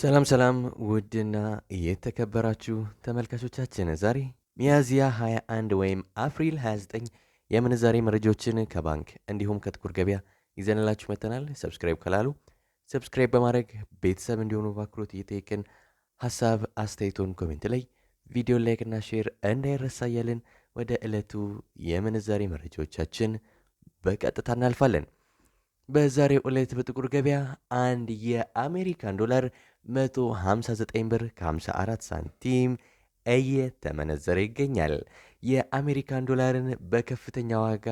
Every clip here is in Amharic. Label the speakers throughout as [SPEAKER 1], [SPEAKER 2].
[SPEAKER 1] ሰላም ሰላም ውድና የተከበራችሁ ተመልካቾቻችን ዛሬ ሚያዝያ 21 ወይም አፕሪል 29 የምንዛሬ መረጃዎችን ከባንክ እንዲሁም ከጥቁር ገበያ ይዘንላችሁ መተናል። ሰብስክራይብ ካላሉ ሰብስክራይብ በማድረግ ቤተሰብ እንዲሆኑ በአክብሮት እየጠየቅን ሀሳብ አስተያየቶን ኮሜንት ላይ ቪዲዮ ላይክና ሼር እንዳይረሳ እያልን ወደ ዕለቱ የምንዛሬ መረጃዎቻችን በቀጥታ እናልፋለን። በዛሬው ዕለት በጥቁር ገበያ አንድ የአሜሪካን ዶላር 159 ብር ከ54 ሳንቲም እየተመነዘረ ይገኛል። የአሜሪካን ዶላርን በከፍተኛ ዋጋ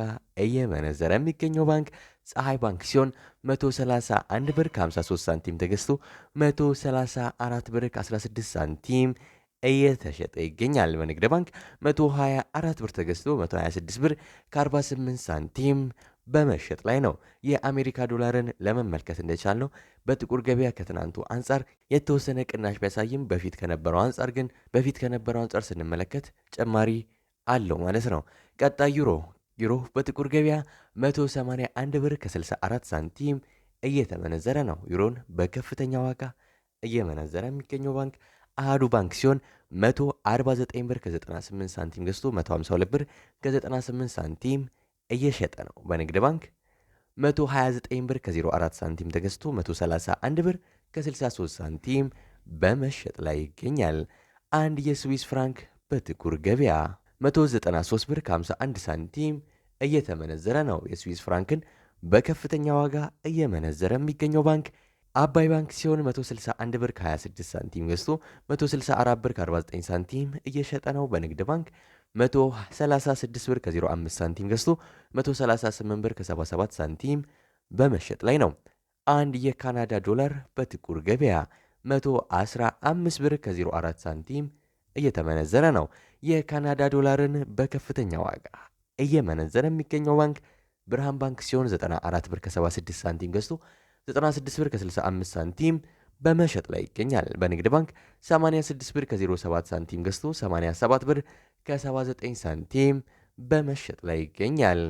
[SPEAKER 1] እየመነዘረ የሚገኘው ባንክ ፀሐይ ባንክ ሲሆን 131 ብር ከ53 ሳንቲም ተገዝቶ 134 ብር ከ16 ሳንቲም እየተሸጠ ይገኛል። በንግድ ባንክ 124 ብር ተገዝቶ 126 ብር ከ48 ሳንቲም በመሸጥ ላይ ነው። የአሜሪካ ዶላርን ለመመልከት ነው በጥቁር ገበያ ከትናንቱ አንጻር የተወሰነ ቅናሽ ቢያሳይም በፊት ከነበረው አንጻር ግን በፊት ከነበረው አንጻር ስንመለከት ጭማሪ አለው ማለት ነው። ቀጣይ ዩሮ ዩሮ በጥቁር ገበያ 181 ብር ከ64 ሳንቲም እየተመነዘረ ነው። ዩሮን በከፍተኛ ዋጋ እየመነዘረ የሚገኘው ባንክ አህዱ ባንክ ሲሆን 149 ብር ከ98 ሳንቲም ገዝቶ 152 ብር ከ98 ሳንቲም እየሸጠ ነው። በንግድ ባንክ 129 ብር ከ04 ሳንቲም ተገዝቶ 131 ብር ከ63 ሳንቲም በመሸጥ ላይ ይገኛል። አንድ የስዊስ ፍራንክ በጥቁር ገበያ 193 ብር ከ51 ሳንቲም እየተመነዘረ ነው። የስዊስ ፍራንክን በከፍተኛ ዋጋ እየመነዘረ የሚገኘው ባንክ አባይ ባንክ ሲሆን 161 ብር ከ26 ሳንቲም ገዝቶ 164 ብር ከ49 ሳንቲም እየሸጠ ነው። በንግድ ባንክ 136 ብር ከ05 ሳንቲም ገዝቶ 138 ብር ከ77 ሳንቲም በመሸጥ ላይ ነው። አንድ የካናዳ ዶላር በጥቁር ገበያ 115 ብር ከ04 ሳንቲም እየተመነዘረ ነው። የካናዳ ዶላርን በከፍተኛ ዋጋ እየመነዘረ የሚገኘው ባንክ ብርሃን ባንክ ሲሆን 94 ብር ከ76 ሳንቲም ገዝቶ 96 ብር ከ65 ሳንቲም በመሸጥ ላይ ይገኛል። በንግድ ባንክ 86 ብር ከ07 ሳንቲም ገዝቶ 87 ብር ከ79 ሳንቲም በመሸጥ ላይ ይገኛል።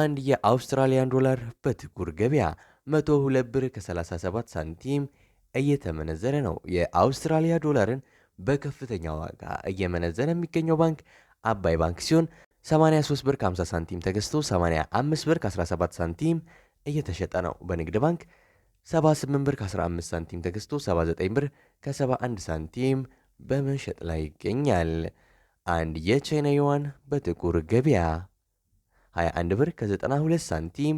[SPEAKER 1] አንድ የአውስትራሊያን ዶላር በጥቁር ገበያ 102 ብር ከ37 ሳንቲም እየተመነዘረ ነው። የአውስትራሊያ ዶላርን በከፍተኛ ዋጋ እየመነዘረ የሚገኘው ባንክ አባይ ባንክ ሲሆን 83 ብር 50 ሳንቲም ተገዝቶ 85 ብር ከ17 ሳንቲም እየተሸጠ ነው። በንግድ ባንክ 78 ብር 15 ሳንቲም ተገዝቶ 79 ብር ከ71 ሳንቲም በመሸጥ ላይ ይገኛል። አንድ የቻይና ዩዋን በጥቁር ገበያ 21 ብር ከ92 ሳንቲም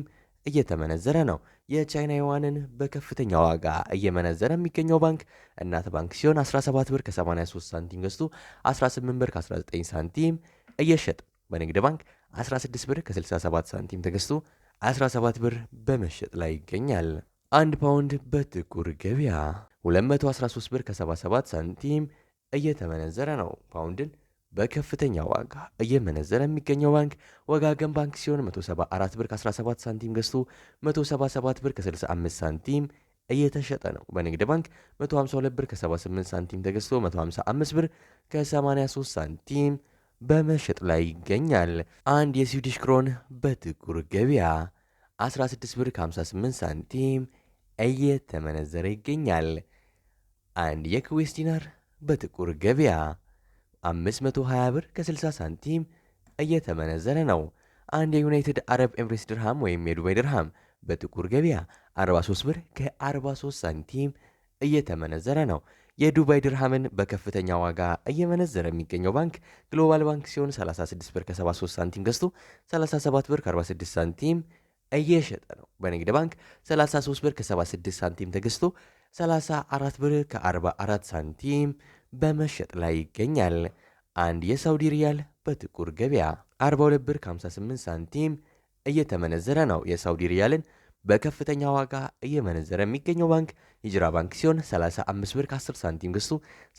[SPEAKER 1] እየተመነዘረ ነው። የቻይና ዩዋንን በከፍተኛ ዋጋ እየመነዘረ የሚገኘው ባንክ እናት ባንክ ሲሆን 17 ብር ከ83 ሳንቲም ገዝቶ 18 ብር ከ19 ሳንቲም እየሸጠ በንግድ ባንክ 16 ብር ከ67 ሳንቲም ተገዝቶ 17 ብር በመሸጥ ላይ ይገኛል። አንድ ፓውንድ በጥቁር ገበያ 213 ብር ከ77 ሳንቲም እየተመነዘረ ነው። ፓውንድን በከፍተኛ ዋጋ እየመነዘረ የሚገኘው ባንክ ወጋገን ባንክ ሲሆን 174 ብር ከ17 ሳንቲም ገዝቶ 177 ብር ከ65 ሳንቲም እየተሸጠ ነው። በንግድ ባንክ 152 ብር ከ78 ሳንቲም ተገዝቶ 155 ብር ከ83 ሳንቲም በመሸጥ ላይ ይገኛል። አንድ የስዊዲሽ ክሮን በጥቁር ገበያ 16 ብር ከ58 ሳንቲም እየተመነዘረ ይገኛል። አንድ የኩዌስ ዲናር በጥቁር ገበያ 520 ብር ከ60 ሳንቲም እየተመነዘረ ነው። አንድ የዩናይትድ አረብ ኤምሬስ ድርሃም ወይም የዱባይ ድርሃም በጥቁር ገበያ 43 ብር ከ43 ሳንቲም እየተመነዘረ ነው። የዱባይ ድርሃምን በከፍተኛ ዋጋ እየመነዘረ የሚገኘው ባንክ ግሎባል ባንክ ሲሆን 36 ብር ከ73 ሳንቲም ገዝቶ 37 ብር ከ46 ሳንቲም እየሸጠ ነው። በንግድ ባንክ 33 ብር ከ76 ሳንቲም ተገዝቶ 34 ብር ከ44 ሳንቲም በመሸጥ ላይ ይገኛል። አንድ የሳውዲ ሪያል በጥቁር ገበያ 42 ብር 58 ሳንቲም እየተመነዘረ ነው። የሳውዲ ሪያልን በከፍተኛ ዋጋ እየመነዘረ የሚገኘው ባንክ ሂጅራ ባንክ ሲሆን 35 ብር 10 ሳንቲም ገዝቶ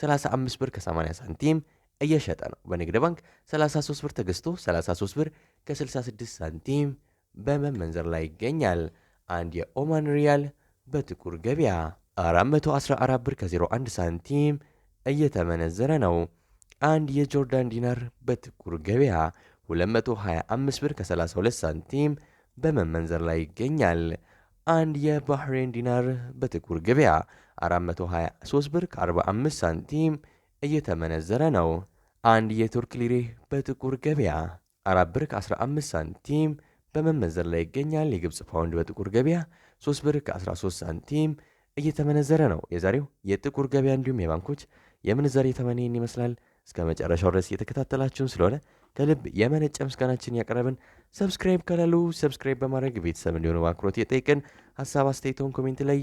[SPEAKER 1] 35 ብር ከ80 ሳንቲም እየሸጠ ነው። በንግድ ባንክ 33 ብር ተገዝቶ 33 ብር ከ66 ሳንቲም በመመንዘር ላይ ይገኛል። አንድ የኦማን ሪያል በጥቁር ገበያ 414 ብር ከ01 ሳንቲም እየተመነዘረ ነው። አንድ የጆርዳን ዲናር በጥቁር ገበያ 225 ብር ከ32 ሳንቲም በመመንዘር ላይ ይገኛል። አንድ የባህሬን ዲናር በጥቁር ገበያ 423 ብር ከ45 ሳንቲም እየተመነዘረ ነው። አንድ የቱርክ ሊሬ በጥቁር ገበያ 4 ብር ከ15 ሳንቲም በመመንዘር ላይ ይገኛል። የግብፅ ፓውንድ በጥቁር ገበያ 3 ብር ከ13 ሳንቲም እየተመነዘረ ነው። የዛሬው የጥቁር ገበያ እንዲሁም የባንኮች የምንዛሬ ተመኔን ይመስላል። እስከ መጨረሻው ድረስ እየተከታተላችሁን ስለሆነ ከልብ የመነጨ ምስጋናችን ያቀረብን። ሰብስክራይብ ካላሉ ሰብስክራይብ በማድረግ ቤተሰብ እንዲሆኑ በአክብሮት የጠይቅን። ሀሳብ አስተያየቶን ኮሜንት ላይ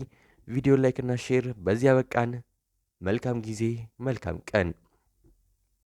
[SPEAKER 1] ቪዲዮ ላይክና ሼር። በዚያ በቃን። መልካም ጊዜ፣ መልካም ቀን